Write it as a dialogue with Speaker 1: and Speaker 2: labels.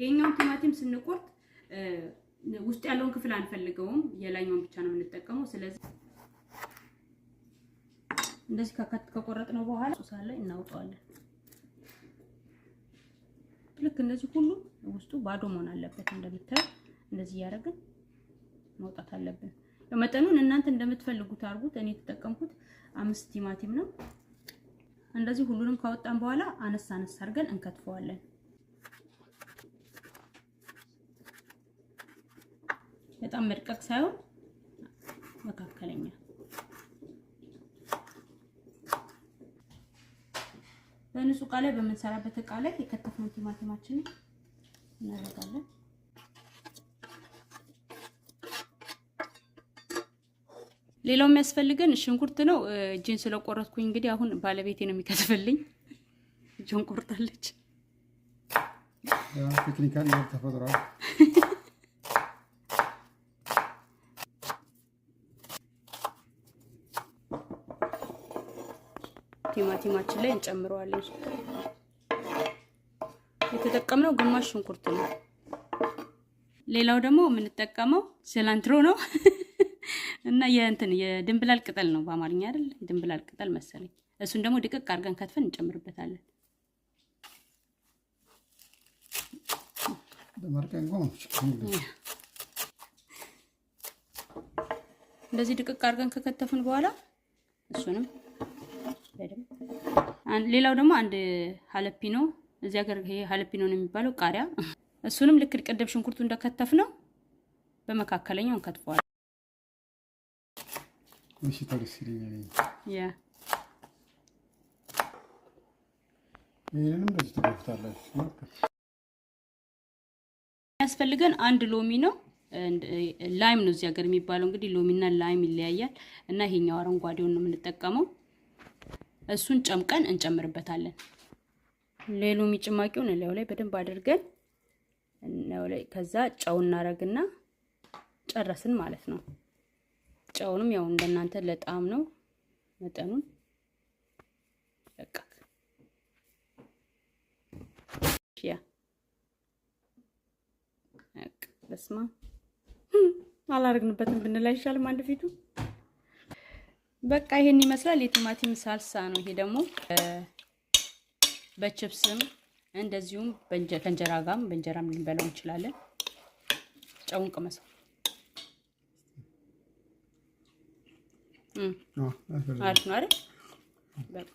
Speaker 1: ይሄኛውን ቲማቲም ስንቆርጥ ውስጥ ያለውን ክፍል አንፈልገውም፣ የላይኛውን ብቻ ነው የምንጠቀመው። ስለዚህ እንደዚህ ከቆረጥ ነው በኋላ ሶሳን ላይ ልክ እንደዚህ ሁሉ ውስጡ ባዶ መሆን አለበት። እንደምታዩ እንደዚህ እያደረግን ማውጣት አለብን። መጠኑን እናንተ እንደምትፈልጉት አድርጉት። እኔ የተጠቀምኩት አምስት ቲማቲም ነው። እንደዚህ ሁሉንም ካወጣን በኋላ አነስ አነስ አድርገን እንከትፈዋለን። በጣም መድቀቅ ሳይሆን መካከለኛ በንጹህ እቃ ላይ በምንሰራበት እቃ ላይ የከተፍነው ቲማቲማችንን እናደርጋለን። ሌላው የሚያስፈልገን ሽንኩርት ነው። እጅን ስለቆረጥኩኝ እንግዲህ አሁን ባለቤቴ ነው የሚከትፍልኝ። እጅን ቆርጣለች።
Speaker 2: ቴክኒካል ተፈጥሯል።
Speaker 1: ቲማቲማችን ላይ እንጨምረዋለን። የተጠቀምነው ግማሽ ሽንኩርት ነው። ሌላው ደግሞ የምንጠቀመው ሴላንትሮ ነው እና የእንትን የድንብላል ቅጠል ነው በአማርኛ አይደል? የድንብላል ቅጠል መሰለኝ። እሱን ደግሞ ድቅቅ አድርገን ከትፈን እንጨምርበታለን። እንደዚህ ድቅቅ አድርገን ከከተፍን በኋላ እሱንም ሌላው ደግሞ አንድ ሀለፒኖ እዚህ ሀገር ይሄ ሀለፒኖ ነው የሚባለው ቃሪያ፣ እሱንም ልክ ቅድም ሽንኩርቱ እንደከተፍ ነው በመካከለኛው እንከትፈዋል። የሚያስፈልገን አንድ ሎሚ ነው ላይም ነው እዚህ ሀገር የሚባለው እንግዲህ ሎሚና ላይም ይለያያል እና ይሄኛው አረንጓዴውን ነው የምንጠቀመው። እሱን ጨምቀን እንጨምርበታለን። ሌሎሚ ጭማቂውን እላዩ ላይ በደንብ አድርገን እላዩ ላይ ከዛ ጨው እናረግና ጨረስን ማለት ነው። ጨውንም ያው እንደናንተ ለጣም ነው መጠኑን በቃ ያ በስማ አላረግንበትም ብንል አይሻልም አንድ ፊቱ በቃ ይሄን ይመስላል የቲማቲም ሳልሳ ነው። ይሄ ደግሞ በችፕስም እንደዚሁም ከእንጀራ ጋርም በእንጀራም ልንበላው እንችላለን። ጨውን ቅመሰው። አሪፍ ነው አይደል? በቃ